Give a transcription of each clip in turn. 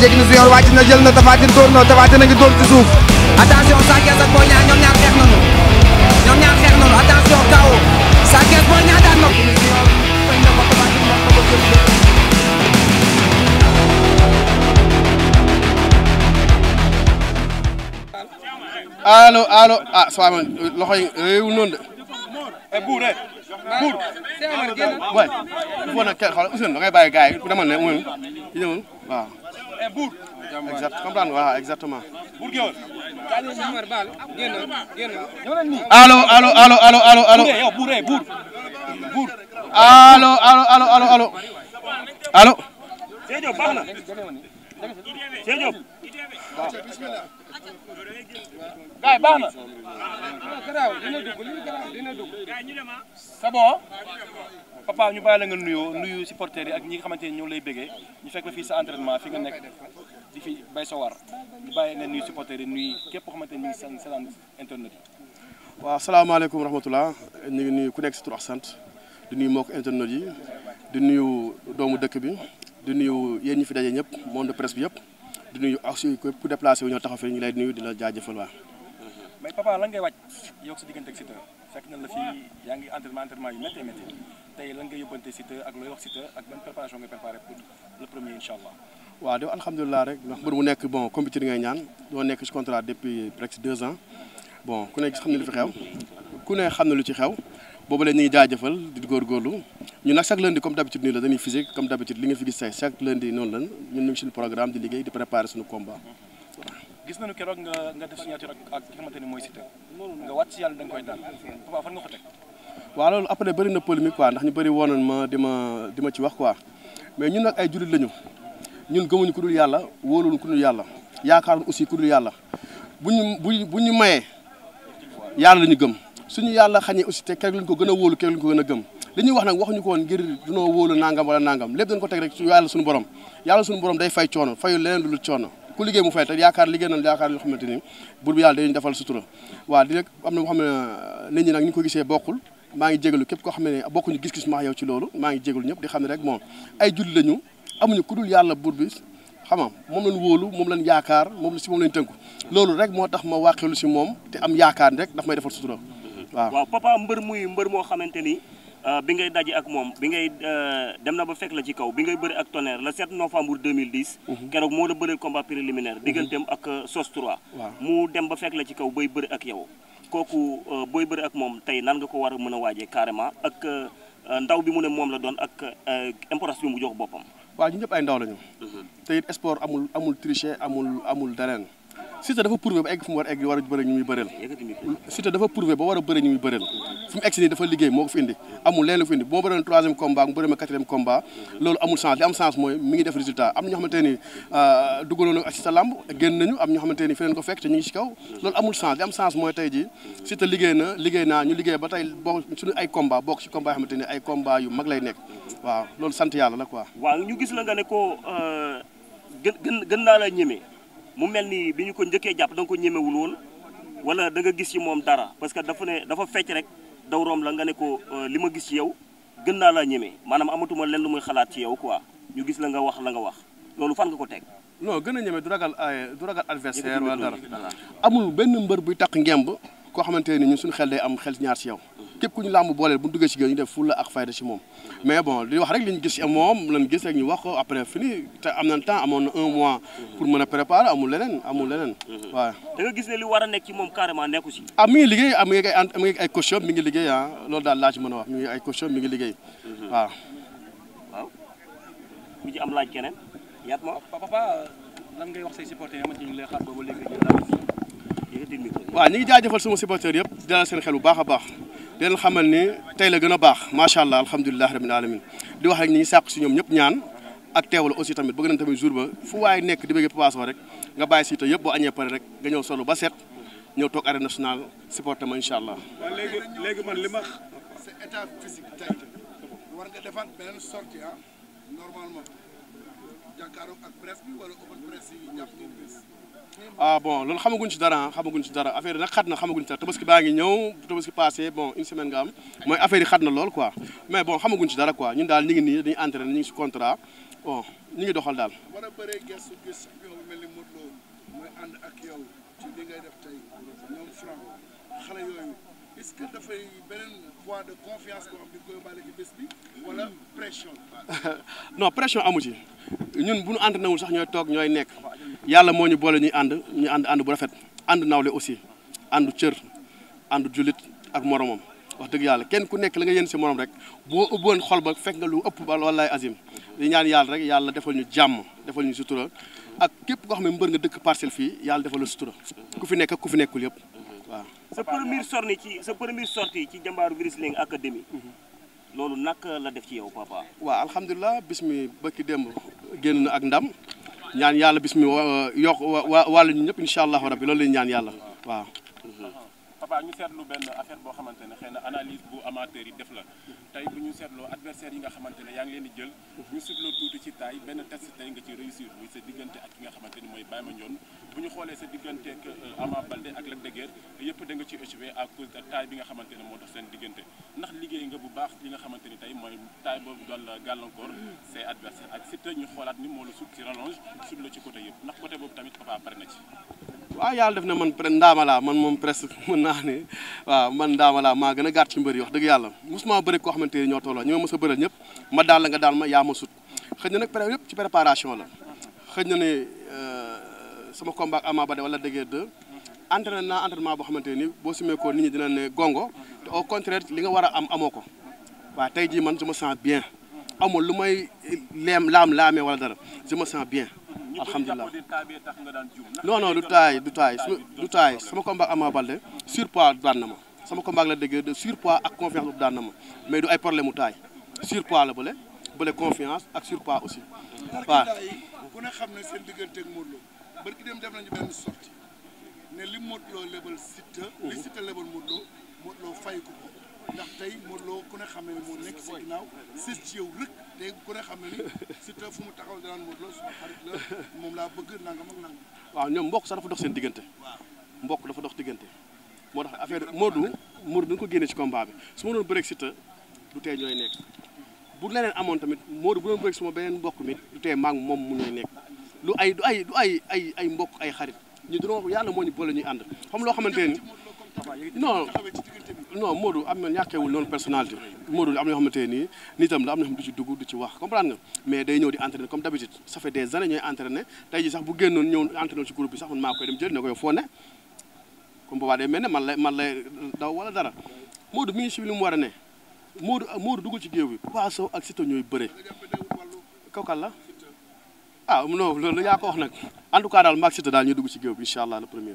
jéggi na junior wàcc na jël na tafaatin dóor na tafaatin a ngi dóor ci suuf attention Sa Thiès ak Boy Niang ñoom ñaar xeex nañu ñoom ñaar xeex nañu attention kaw Sa Thiès Boy Niang daan na allo allo ah soo amee loxo yi réew noonu de. Eh, buur rek eh. buur. waaye bu boobaa nag kenn xoolal Ousseynou da ngay bàyyi gars yi ku demal ne moom waaw. Eh, buur. exact comprendre waaw exactement. buur géwël. allo allo allo allo allo allo. buur eh buur. buur. allo allo allo allo allo. allo. Seydou baax na. Seydou. gaay baax na. c'est bon. papa ñu bàyyi la nga nuyoo nuyu supporters yi ak ñi nga xamante ni lay bëggee ñu fekk la fii sa entraînement fi nga nekk di fi bay sa war ñu bàyyi la nuyu supporters yi nuyu képp koo xamante ñu ngi seen seen internet yi. waaw salaamaaleykum rahmatullah ñu ngi nuyu ku nekk si tur sant di nuyu mbokk internet di nuyu doomu dëkk bi di nuyu yéen ñi fi daje ñëpp monde presse bi yëpp di nuyu aussi ku déplacé wu ñoo taxaw fi ñu lay nuyu di la jëfal waa. mais papa la ngay wàcc yow sa diggante ak Siteu fekk na la fi yaa ngi entraînement entraînement yu rek mu nekk bon compétiteur ngay ñaan doo nekk ci contrat depuis presque deux ans bon ku ne xam ne lu fi xew lu ci xew boobu la ñuy jaajëfal di góorgóorlu ñun nag chaque lundi comme d'habitude nii la dañuy physique comme d'habitude li nga fi gis tey chaque lundi noonu lan ñu ngi suñu programme di liggéey di préparer suñu combat. gis na nañu keroog nga nga def signature ak ak ki xamante ni mooy Siteu nga wàcc si yàlla da nga koy daal papa fan nga ko teg. waaw loolu après bëri na polémique quoi ndax ñu bari woonoon ma di ma di ci wax quoi mais ñun nag ay jullit lañu ñun gëmuñu ku dul yàlla woolu ku dul yàlla yaakaaruñu aussi ku dul yàlla bu ñu bu bu ñu mayee yàlla la ñu gëm suñu yàlla xañee aussi te keroog lañu ko gën a wóolu keroog lañu ko gën a gëm. li wax nag waxuñu ko woon ngir dunoo wóolu nangam wala nangam lépp dañ ko teg rek yàlla suñu borom yàlla suñu borom day fay coono fayul leneen lu dul ku liggéey mu fay te yaakaar liggéey nañ yaakaar yoo xamante ni bur bi yàlla dañu defal sutura waaw di rek am na moo xam ne euh, nit ñi nag ni ñu ko gisee bokkul maa ngi jégalu képp koo xam ne bokkuñu gis-gis ma yow ci loolu maa ngi jégalu ñëpp di xam ne rek moom ay julli lañu amuñu ku dul yàlla bur bi xam moom lañ wóolu moom lañ yaakaar moom si moom lañ tënku loolu rek moo tax ma wàqeelu si moom te am yaakaar rek daf may defal sutura waaw waaw papa mbër ni Euh, bi ngay dajee ak moom bi ngay euh, dem na ba fekk la ci kaw bi ngay bëri ak Tonnerre le 7 novembre 2010. Mhm. keroog moo la bëree combat préliminaire. dem mhm. ak SOS euh, 3. mu dem ba fekk la ci kaw bay bëri ak yow. kooku booy bëri ak moom tey nan nga ko war a mën a waajee carrément ak ndaw bi mu ne moom la doon ak importance bi mu jox boppam. waa ñu ñëpp ay ndaw lañu. Mhm. te it amul amul amul amul dareen. Siteu dafa prouvé ba egg fu war a egg war a bëri ñu muy bëreel Siteu dafa prouvé ba war a bëri ñu muy bëreel fu mu egg si nii dafa liggéey moo ko indi amul leen lu indi bu ma bëriwoon troisième mu bëri euh, am ñoo xamante ni dugaloon ko fekk ngi si kaw loolu amul sens li am sens mooy liggéey na liggéey naa ñu liggéey ba tey bokk suñu ay combat bokk ay combat yu mag lay nekk waaw loolu sant yàlla la quoi waaw ñu gis la nga ne ko euh, gën gën naa la ñeme mu mel ni bi ñu ko njëkkee jàpp danga nga ko ñemewul woon wala da nga gis ci moom dara parce que dafa ne dafa fecc rek daw la nga ne ko euh, li ma gis ci yow gën naa laa ñeme maanaam amatuma lenn lu muy xalaat ci yow quoi ñu gis la nga wax la nga wax loolu fan nga ko teg. non gën a ñeme du ragal euh, du ragal adversaire wala dara amul benn mbër buy takk ngemb koo xamante ni ñu suñu xel day am xel ñaar ci yow. képp ku ñu làmb booleel bu duggee si géej ñu def fulla ak fayda si moom mais bon di wax rek li ñu gis moom lan gis rek ñu wax ko après fini te am na un mois pour mën a préparer amul leneen amul leneen waaw gis ne li war a nekk moom carrément nekku si ah mi ngi liggéey ah mi ngi liggéey ah, loolu daal laa ci a wax mi ngi ay coach mi ngi liggéey mhm. waaw am laaj keneen yaat ma papa lan ngay wax say supporters yi ñu ngi lay xaar boobu léegi ñu waaw ñu ngi jaajëfal sama supporters yëpp dalal seen xel bu baax a baax di leen xamal ni tey la gën a baax macha allah alhamdulilah rabbil alamin di wax rek ni ñu sàq si ñoom ñëpp ñaan ak teewal aussi tamit bëgg nañ tamit jour ba fu waaye nekk di bëgg Papa rek nga bàyyi si te yëpp boo añee pare rek nga ñëw solo ba set ñëw toog arène nationale supporté ma allah. léegi léegi li ma. sa état physique ah bon loolu xamaguñ ci dara xamaguñ ci dara affaire yi nag xat na xamaguñ ci dara tabaski baa ngi ñëw tabaski passé bon une semaine nga mooy affaire xat na lool quoi mais bon xamaguñ ci dara ko ñun daal ñu ngi nii dañuy entraîné ñu ngi ci contrat bon ñu ngi doxal daal. a bëree est-ce que dafay beneen voie pression. non pression amu ci ñun bu ñu ànd nawul sax ñooy toog ñooy nekk yàlla moo ñu boole ñuy ànd ñu ànd ànd bu rafet ànd nawle aussi ànd cër ànd jullit ak moromam wax dëgg yàlla kenn ku nekk la nga yenn si moroom rek boo ëbboon xol ba fekk nga lu ëpp ba wallaay azim di ñaan yàlla rek yàlla defal ñu jàmm defal ñu sutura ak képp koo xam ne mbër nga dëkk parcelle fii yàlla defal la sutura ku fi nekk ku fi nekkul yëpp waaw. sa première sortie ci sa première sortie ci jàmbaaru Wrestling Academy mhm. loolu naka la def ci yow papa waaw alhamdulilah bis mi bëkki démb génn na ak ndam ñaan yàlla bis mi yokk wàllu ñu ñëpp incha allahu rabbi lool lañ ñaan yàlla waaw mhm. papa ñu seetlu benn affaire boo xamante ne xëy na analyse bu amateur yi def la tey bu ñu seetloo adversaire yi nga xamante ne yaa ngi leen di jël ñu sutloo tuuti ci taay benn test tey nga ci réussir muy sa diggante ak ki nga xamante ni mooy Baye Mandione bu ñu sa diggante ak euh, Ama Baldé da nga ci échoué à cause taay bi nga xamante ne moo tax seen diggante ndax liggéey nga bu baax li nga xamante ni tey mooy taay boobu doon la gàllankoor ses adversaires ak ñu xoolaat ni moo la sut ci rallonge sut la ci côté yëpp ndax côté boobu tamit papa pare na ci waaw yàlla def na man pre ndaama laa man moom presque mën naa ne waaw man ndaama laa maa gën a gàtt ci mbër wax dëgg yàlla mosuma bëri koo xamante ni ñoo tolloo ñi ma mos a bëral ñëpp ma daal la nga daal ma yaa ma sut xëy na nag pré yëpp ci préparation la xëy na ne euh, sama combat ak ba Baldé wala dëggee deux entraîné naa entraînement boo xamante ni boo sumee ko nit ñi dina ne gongo te au contraire li nga war a am amoo ko waaw tey jii man je me sens bien amul lu may eh, leem laam laamee wala dara je alhamdulilah non non du taay du taay su du taay sama combat Ama Baldé surpoids daan na ma sama combat la déggee de surpoids ak confiance bu daan ma mais du ay problème mu taay surpoids la bële bële confiance ak surpoids aussi waaw. ku li Modou ndax tey Modou Lo ku ne xam ne ni nekk si ginnaaw sës ci yow ku ne xam ne ni fu mu taxaw daan laa bëgg nangam ak nangam. waaw ñoom mbokk sax dafa dox seen diggante. mbokk dafa dox diggante. moo tax affaire Modou Modou dañu ko génnee ci combat bi su ma doon bëreeg Siteu du tee ñooy nekk bu leneen amoon tamit Modou bu doon bëreeg suma beneen mbokk mi du tee maa moom mu ñooy nekk lu ay du ay du ay ay ay mbokk ay xarit ñu dina yàlla moo ñu boole ñuy ànd xam loo xamante non non Modou am na ñàkkeewul noonu personnalité Modou am na yoo xamante ne nii nitam la am na xam du ci dugg du ci wax comprendre nga mais day ñëw di entraîner comme d'habitude ça fait des années ñooy entraîner tey ji sax bu génnoon ñëw entraîner ci groupe bi sax man maa koy dem jël ne ko foo ne comme boobaa day mel ne man lay man lay daw wala dara Modou mi ngi ci li mu war a ne Modou ah, Modou dugg ci géew bi Papa Sow ak Siteu ñooy bëre kawkal la ah non loolu yaa ko wax nag en tout cas daal maag Siteu daal ñuy dugg ci géew bi incha allah le premier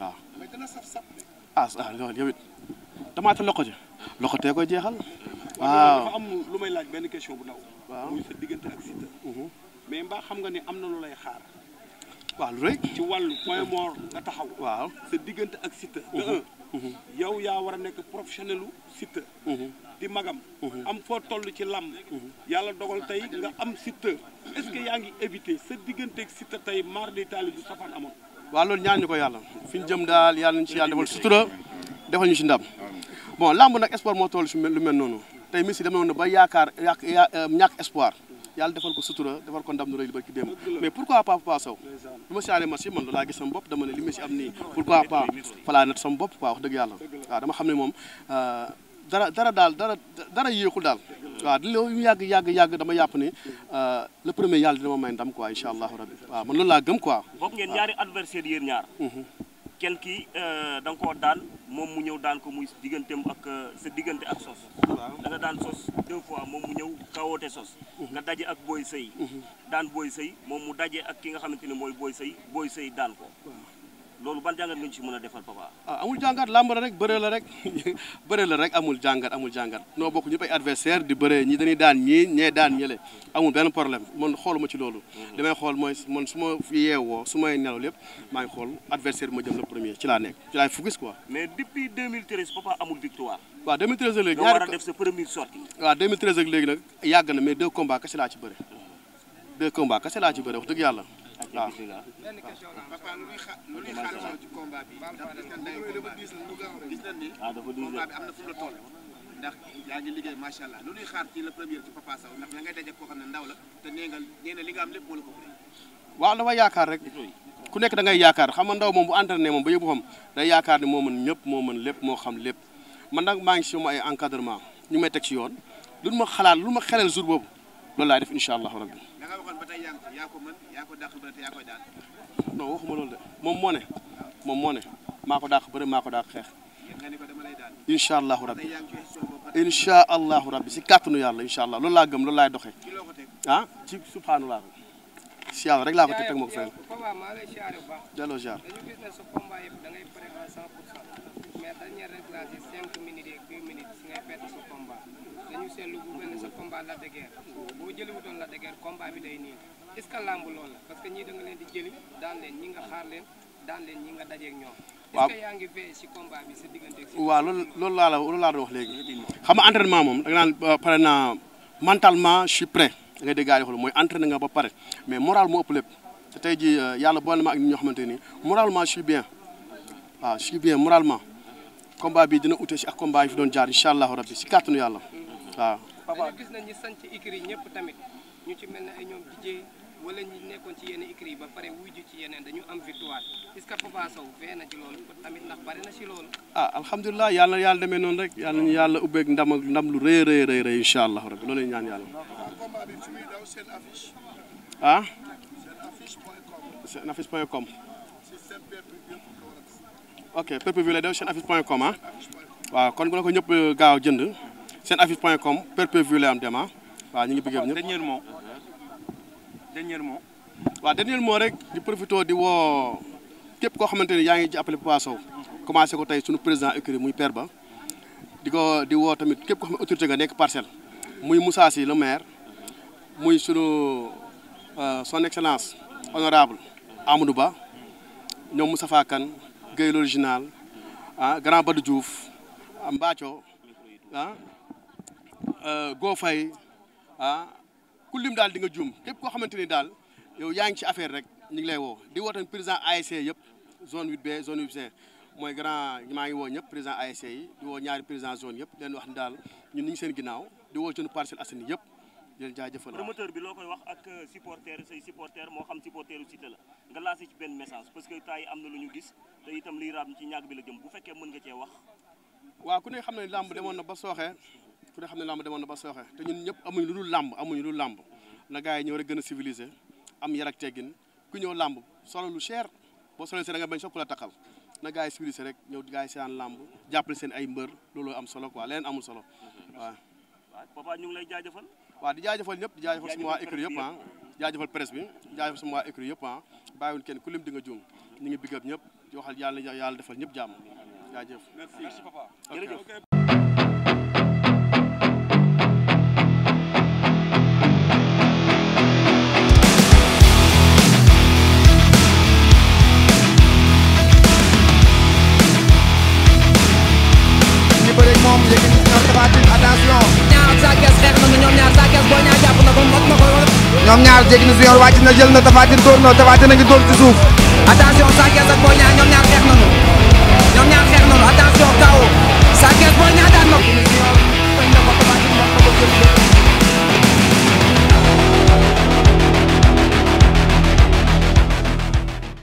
waaw ah ah loolu yow it tamaate loxo ji loxo tee koy jeexal. waaw dafa am lu may laaj benn question bu ndaw. waaw muy sa diggante ak Siteu. Mhm. mais mbaa xam nga ni am na lu lay xaar. waaw lu rek ci wàllu point mort nga taxaw. waaw sa diggante ak Siteu. Mhm. Mhm. yow yaa war a nekk professionnel lu Siteu. di magam. am foo toll ci lam yàlla dogal tey nga am Siteu est que yaa ngi éviter sa digganteeg Siteu tey mardi taali bu safaan amoon. waaw loolu ñaan ñu ko yàlla fi ñu jëm daal yàlla ñu ci yàlla defal sutura defal ñu ci ndam bon lamb nag espoir moo toll ci lu mel noonu tey Messi demoon na ba yaakaar yàq euh, ñàkk espoir yàlla defal ko sutura defal ko ndam lu rëy li barki démb mais pourquoi pas Papa Sow bi ma siyaaree Messi man loolaa gis sama bopp dama ne li Messi am nii pourquoi pas falaa nat sama bopp quoi wax dëgg yàlla waaw dama xam ne moom euh, dara dara daal dara dara yéexul daal waaw di loolu yàgg yàgg yàgg dama yàpp ne euh, le premier yàlla dina ma may ndam quoi incha allahu rabbi waaw man loolu laa gëm ko bokk ngeen ñaari adversaire yéen ñaar. Mhm. kenn ki euh, da nga moom mu ñëw daan ko muy digganteem ak euh, sa diggante ak sos. waaw da daan sos deux fois moom mu ñëw kawoote sos. Mhm. nga daje ak booy sëy mhm. daan booy sëy moom mu daje ak ki nga xamante ne mooy booy sëy booy sëy daan ko. loolu ban jàngat nga ci mën a defal papa. ah amul jàngat làmb la rek bëre la rek amul jàngat amul jàngat noo bokk ñu ay adversaire di bëre ñi dañuy daan ñi ñee daan ñële amul benn problème man xooluma ci loolu. Mhm. li xool mooy man su ma yeewoo su may nelaw lép maa ngi xool adversaire bi ma jëm le premier ci laa nekk ci laay focus quoi. mais depuis 2013 papa amul victoire. waaw 2013 ak léegi a def ak léegi nag yàgg na mais deux combats kese laa ci bëre. Mhm. deux combats kese laa ci bëre dëgg yàlla. waaw. waaw dafa diis de. ndax yaa ngi liggéey macha allah lu ñuy xaar ci la première ci Papa Sow ndax la na li nga am lépp moo la ko yaakaar rek ku nekk da ngay yaakaar xam nga ndaw moom bu entraîné moom ba yóbbu xam day yaakaar ne moo man ñëpp moo man lépp moo xam lépp man nag maa ngi si ma ay encadrement ñu may teg ci yoon lu ma xalaat lu ma xelal jour boobu loolu laay def incha allah bi non waxuma loolu de moom moo ne moom moo ne maa ko dàq bëri maa ko dàq xeex incha allahu rabbi incha allahu rabbi si kàttanu yàlla incha allah loolu laa gëm loolu laay doxee ah ci subhanallah si yàlla rek laa ko teg teg ko fenn delloo jaar dañu seetlu bu mel ne sa combat Lac loolu laa la loolu wax léegi xam nga entraînement moom da nga naan euh, pare naa mentalement je suis prêt da ngay mooy entraîné nga ba pare mais moral moo ëpp lépp te tey jii euh, yàlla boole ma ak ñoo xamante ni moralement je suis bien waaw je suis bien moralement combat bi dina ute si ak combat yi fi doon jaar incha allahu rabbi si kàttanu yàlla. waaw papa gis nañ ñi sanc écurie yi ñëpp tamit ñu ci mel ne ay ñoom dijee wala ñi nekkoon ci yenn écurie yi ba pare wujju ci yeneen dañu am victoire est-ce que Papa Sow fee na ci loolu tamit ndax bari na ci loolu ah alhamdulilah yàlla na yàlla demee noonu rek yàlla nañu yàlla ubbeeg ndam ak ndam lu rëy rëy rëy rëy incha allah rabbi loolu ñaan yàlla ah seen affiche point com ok pay-per-view lay daw seen affiche point com ah waaw kon bu na ko ñëpp gaaw jënd seen affiche point com perpévu lay am dem ah waaw ñu ngi bëggee ñëpp dernier mot dernier mot waaw dernier mot rek di profité di woo képp koo xamante ni yaa ngi jàppale Papa Sow commencé ko tey suñu président écurie muy père ba di ko di woo tamit képp koo xam autorité nga nekk parcelle muy Moussa Sy maire muy sunu euh, son excellence honorable Amadou Ba ñoom Moustapha Kane Guèye l'original ah grand Badou Diouf Mbathio ah, Euh, Gofay ah ku lim daal di nga juum képp koo xamante ni daal yow yaa ngi ci affaire rek ñu ngi lay woo di woo tamit président ASC yëpp zone 8B zone 8 mooy grand maa ngi woo ñëpp président ASC yi di woo ñaari yëpp leen wax ni daal ñun ñu ngi seen ginnaaw di woo suñu Parcelles Assainies yëpp di leen jaajëfal. promoteur bi loo koy wax ak supporter say supporter moo xam supporteru Cité la nga lancé ci benn message parce que temps am na lu ñu gis te itam liy raam ci ñaag bi la jëm bu fekkee mën nga cee wax. waaw ku ne xam ne làmb demoon na ba sooxee ku ne xam ne làmb demoon na ba sooxe te ñun ñëpp amuñ lu dul làmb amuñ lu dul làmb na gars yi ñëw rek gën solo lu cher boo solo si da bañ sokku la taxal na gars yi civilisé rek ñëw gars yi seen làmb jàppale seen ay mbër looloo am solo quoi leneen amul solo waaw. waaw papa ñu ngi lay jaajëfal. waaw di jaajëfal ñëpp di jaajëfal sama waa écurie yëpp ah jaajëfal presse bi jaajëfal sama waa yëpp ah bàyyiwul kenn ku lim di nga juum ñu ngi big up ñëpp di waxal yàlla yàlla defal ñëpp jàmm jaajëf ñoom ñaar jéggi na junior wàcc na jël na Tapha Tine na Tapha Tine a ngi dóor ci suuf attention Sa Thiès ak ñoom ñaar xeex nañu ñoom ñaar xeex nañu attention KO Sa Thiès Boy Niang daan na